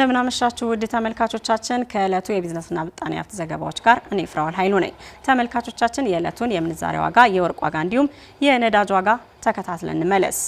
እንደምናመሻችሁ ውድ ተመልካቾቻችን ከእለቱ የቢዝነስና ምጣኔ ሀብት ዘገባዎች ጋር እኔ ፍራዋል ኃይሉ ነኝ። ተመልካቾቻችን የእለቱን የምንዛሬ ዋጋ፣ የወርቅ ዋጋ እንዲሁም የነዳጅ ዋጋ ተከታትለን እንመለስ።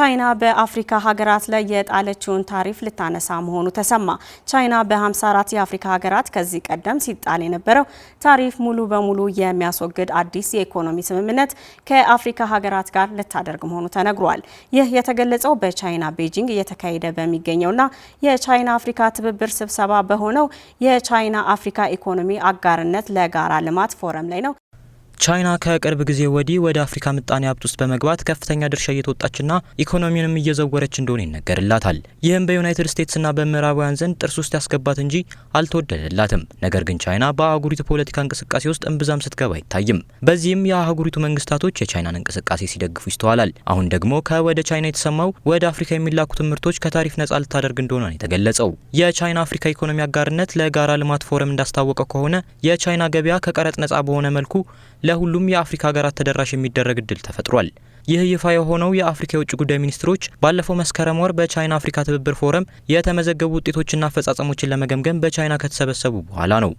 ቻይና በአፍሪካ ሀገራት ላይ የጣለችውን ታሪፍ ልታነሳ መሆኑ ተሰማ። ቻይና በ54 የአፍሪካ ሀገራት ከዚህ ቀደም ሲጣል የነበረው ታሪፍ ሙሉ በሙሉ የሚያስወግድ አዲስ የኢኮኖሚ ስምምነት ከአፍሪካ ሀገራት ጋር ልታደርግ መሆኑ ተነግሯል። ይህ የተገለጸው በቻይና ቤጂንግ እየተካሄደ በሚገኘውና የቻይና አፍሪካ ትብብር ስብሰባ በሆነው የቻይና አፍሪካ ኢኮኖሚ አጋርነት ለጋራ ልማት ፎረም ላይ ነው። ቻይና ከቅርብ ጊዜ ወዲህ ወደ አፍሪካ ምጣኔ ሀብት ውስጥ በመግባት ከፍተኛ ድርሻ እየተወጣችና ኢኮኖሚውንም እየዘወረች እንደሆነ ይነገርላታል። ይህም በዩናይትድ ስቴትስና በምዕራባውያን ዘንድ ጥርስ ውስጥ ያስገባት እንጂ አልተወደደላትም። ነገር ግን ቻይና በአህጉሪቱ ፖለቲካ እንቅስቃሴ ውስጥ እምብዛም ስትገባ አይታይም። በዚህም የአህጉሪቱ መንግስታቶች የቻይናን እንቅስቃሴ ሲደግፉ ይስተዋላል። አሁን ደግሞ ከወደ ቻይና የተሰማው ወደ አፍሪካ የሚላኩትን ምርቶች ከታሪፍ ነጻ ልታደርግ እንደሆነ ነው የተገለጸው። የቻይና አፍሪካ ኢኮኖሚ አጋርነት ለጋራ ልማት ፎረም እንዳስታወቀው ከሆነ የቻይና ገበያ ከቀረጥ ነጻ በሆነ መልኩ ለሁሉም የአፍሪካ ሀገራት ተደራሽ የሚደረግ እድል ተፈጥሯል። ይህ ይፋ የሆነው የአፍሪካ የውጭ ጉዳይ ሚኒስትሮች ባለፈው መስከረም ወር በቻይና አፍሪካ ትብብር ፎረም የተመዘገቡ ውጤቶችና አፈጻጸሞችን ለመገምገም በቻይና ከተሰበሰቡ በኋላ ነው።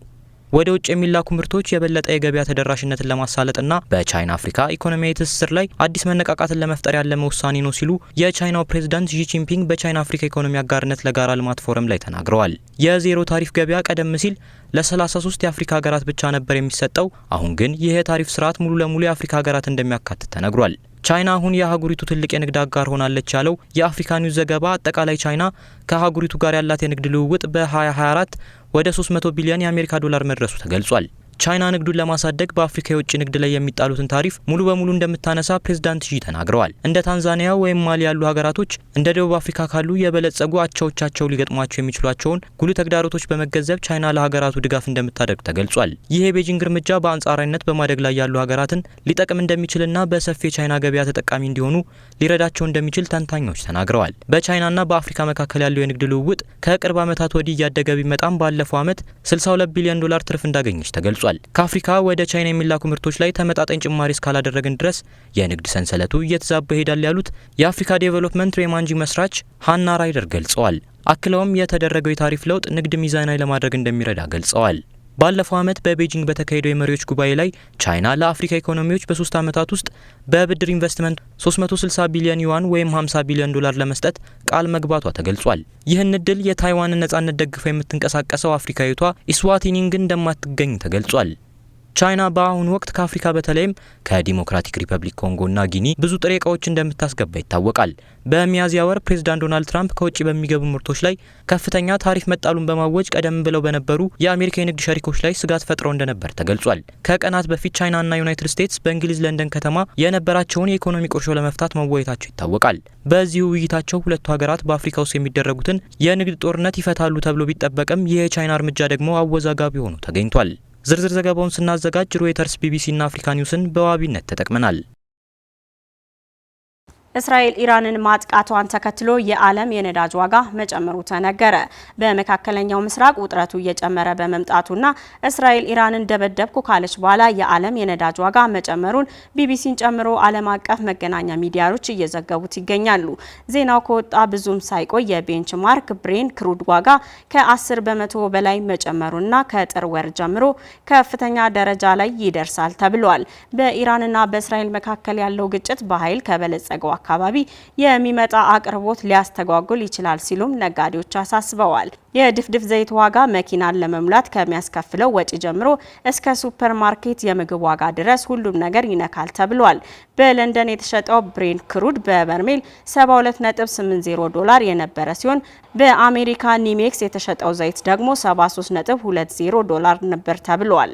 ወደ ውጭ የሚላኩ ምርቶች የበለጠ የገበያ ተደራሽነትን ለማሳለጥና በቻይና አፍሪካ ኢኮኖሚያዊ ትስስር ላይ አዲስ መነቃቃትን ለመፍጠር ያለመ ውሳኔ ነው ሲሉ የቻይናው ፕሬዝዳንት ዢ ጂንፒንግ በቻይና አፍሪካ ኢኮኖሚ አጋርነት ለጋራ ልማት ፎረም ላይ ተናግረዋል። የዜሮ ታሪፍ ገበያ ቀደም ሲል ለ33 የአፍሪካ ሀገራት ብቻ ነበር የሚሰጠው። አሁን ግን ይህ የታሪፍ ስርዓት ሙሉ ለሙሉ የአፍሪካ ሀገራት እንደሚያካትት ተነግሯል። ቻይና አሁን የአህጉሪቱ ትልቅ የንግድ አጋር ሆናለች ያለው የአፍሪካ ኒውስ ዘገባ አጠቃላይ ቻይና ከአህጉሪቱ ጋር ያላት የንግድ ልውውጥ በ2024 ወደ 300 ቢሊዮን የአሜሪካ ዶላር መድረሱ ተገልጿል። ቻይና ንግዱን ለማሳደግ በአፍሪካ የውጭ ንግድ ላይ የሚጣሉትን ታሪፍ ሙሉ በሙሉ እንደምታነሳ ፕሬዝዳንት ሺ ተናግረዋል። እንደ ታንዛኒያ ወይም ማሊ ያሉ ሀገራቶች እንደ ደቡብ አፍሪካ ካሉ የበለጸጉ አቻዎቻቸው ሊገጥሟቸው የሚችሏቸውን ጉልህ ተግዳሮቶች በመገንዘብ ቻይና ለሀገራቱ ድጋፍ እንደምታደርግ ተገልጿል። ይህ የቤጂንግ እርምጃ በአንጻራዊነት በማደግ ላይ ያሉ ሀገራትን ሊጠቅም እንደሚችልና በሰፊ የቻይና ገበያ ተጠቃሚ እንዲሆኑ ሊረዳቸው እንደሚችል ተንታኞች ተናግረዋል። በቻይናና በአፍሪካ መካከል ያለው የንግድ ልውውጥ ከቅርብ ዓመታት ወዲህ እያደገ ቢመጣም ባለፈው ዓመት 62 ቢሊዮን ዶላር ትርፍ እንዳገኘች ተገልጿል። ተገልጿል። ከአፍሪካ ወደ ቻይና የሚላኩ ምርቶች ላይ ተመጣጣኝ ጭማሪ እስካላደረግን ድረስ የንግድ ሰንሰለቱ እየተዛባ ይሄዳል ያሉት የአፍሪካ ዴቨሎፕመንት ሬማንጂ መስራች ሃና ራይደር ገልጸዋል። አክለውም የተደረገው የታሪፍ ለውጥ ንግድ ሚዛናዊ ለማድረግ እንደሚረዳ ገልጸዋል። ባለፈው ዓመት በቤጂንግ በተካሄደው የመሪዎች ጉባኤ ላይ ቻይና ለአፍሪካ ኢኮኖሚዎች በሶስት ዓመታት ውስጥ በብድር ኢንቨስትመንት 360 ቢሊዮን ዩዋን ወይም 50 ቢሊዮን ዶላር ለመስጠት ቃል መግባቷ ተገልጿል። ይህን እድል የታይዋንን ነጻነት ደግፈ የምትንቀሳቀሰው አፍሪካዊቷ ኢስዋቲኒንግ እንደማትገኝ ተገልጿል። ቻይና በአሁኑ ወቅት ከአፍሪካ በተለይም ከዲሞክራቲክ ሪፐብሊክ ኮንጎና ጊኒ ብዙ ጥሬ እቃዎች እንደምታስገባ ይታወቃል። በሚያዝያ ወር ፕሬዝዳንት ዶናልድ ትራምፕ ከውጭ በሚገቡ ምርቶች ላይ ከፍተኛ ታሪፍ መጣሉን በማወጅ ቀደም ብለው በነበሩ የአሜሪካ የንግድ ሸሪኮች ላይ ስጋት ፈጥረው እንደነበር ተገልጿል። ከቀናት በፊት ቻይናና ዩናይትድ ስቴትስ በእንግሊዝ ለንደን ከተማ የነበራቸውን የኢኮኖሚ ቁርሾ ለመፍታት መወየታቸው ይታወቃል። በዚህ ውይይታቸው ሁለቱ ሀገራት በአፍሪካ ውስጥ የሚደረጉትን የንግድ ጦርነት ይፈታሉ ተብሎ ቢጠበቅም ይህ የቻይና እርምጃ ደግሞ አወዛጋቢ ሆኖ ተገኝቷል። ዝርዝር ዘገባውን ስናዘጋጅ ሮይተርስ፣ ቢቢሲና አፍሪካ ኒውስን በዋቢነት ተጠቅመናል። እስራኤል ኢራንን ማጥቃቷን ተከትሎ የዓለም የነዳጅ ዋጋ መጨመሩ ተነገረ። በመካከለኛው ምስራቅ ውጥረቱ እየጨመረ በመምጣቱና እስራኤል ኢራንን ደበደብኩ ካለች በኋላ የዓለም የነዳጅ ዋጋ መጨመሩን ቢቢሲን ጨምሮ ዓለም አቀፍ መገናኛ ሚዲያዎች እየዘገቡት ይገኛሉ። ዜናው ከወጣ ብዙም ሳይቆይ የቤንችማርክ ብሬን ክሩድ ዋጋ ከ10 በመቶ በላይ መጨመሩና ከጥር ወር ጀምሮ ከፍተኛ ደረጃ ላይ ይደርሳል ተብሏል። በኢራንና በእስራኤል መካከል ያለው ግጭት በኃይል ከበለጸገው አካባቢ የሚመጣ አቅርቦት ሊያስተጓጉል ይችላል ሲሉም ነጋዴዎች አሳስበዋል። የድፍድፍ ዘይት ዋጋ መኪናን ለመሙላት ከሚያስከፍለው ወጪ ጀምሮ እስከ ሱፐር ማርኬት የምግብ ዋጋ ድረስ ሁሉም ነገር ይነካል ተብሏል። በለንደን የተሸጠው ብሬንድ ክሩድ በበርሜል 72.80 ዶላር የነበረ ሲሆን በአሜሪካ ኒሜክስ የተሸጠው ዘይት ደግሞ 73.20 ዶላር ነበር ተብሏል።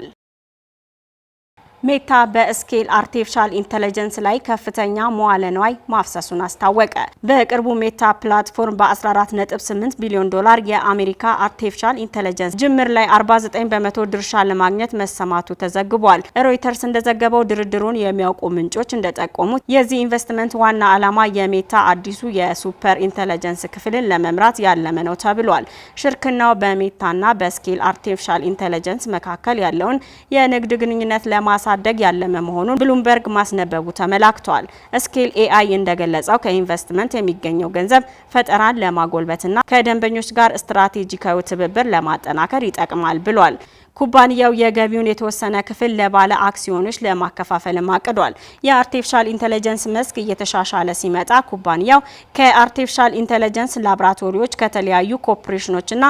ሜታ በስኬል አርቲፊሻል ኢንተለጀንስ ላይ ከፍተኛ መዋለ ንዋይ ማፍሰሱን አስታወቀ። በቅርቡ ሜታ ፕላትፎርም በ14.8 ቢሊዮን ዶላር የአሜሪካ አርቲፊሻል ኢንተለጀንስ ጅምር ላይ 49 በመቶ ድርሻ ለማግኘት መሰማቱ ተዘግቧል። ሮይተርስ እንደዘገበው ድርድሩን የሚያውቁ ምንጮች እንደጠቆሙት የዚህ ኢንቨስትመንት ዋና ዓላማ የሜታ አዲሱ የሱፐር ኢንተለጀንስ ክፍልን ለመምራት ያለመ ነው ተብሏል። ሽርክናው በሜታና በስኬል አርቲፊሻል ኢንተለጀንስ መካከል ያለውን የንግድ ግንኙነት ለማሳ ለማሳደግ ያለመ መሆኑን ብሉምበርግ ማስነበቡ ተመላክቷል። ስኬል ኤአይ እንደገለጸው ከኢንቨስትመንት የሚገኘው ገንዘብ ፈጠራን ለማጎልበትና ከደንበኞች ጋር ስትራቴጂካዊ ትብብር ለማጠናከር ይጠቅማል ብሏል። ኩባንያው የገቢውን የተወሰነ ክፍል ለባለ አክሲዮኖች ለማከፋፈልም አቅዷል። የአርቲፊሻል ኢንተለጀንስ መስክ እየተሻሻለ ሲመጣ ኩባንያው ከአርቲፊሻል ኢንተለጀንስ ላቦራቶሪዎች ከተለያዩ ኮርፖሬሽኖችና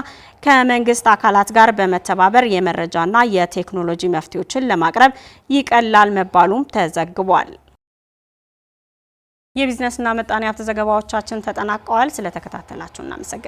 ከመንግስት አካላት ጋር በመተባበር የመረጃና የቴክኖሎጂ መፍትሄዎችን ለማቅረብ ይቀላል መባሉም ተዘግቧል። የቢዝነስና ምጣኔ ሀብት ዘገባዎቻችን ተጠናቀዋል። ስለተከታተላችሁ እናመሰግናለን።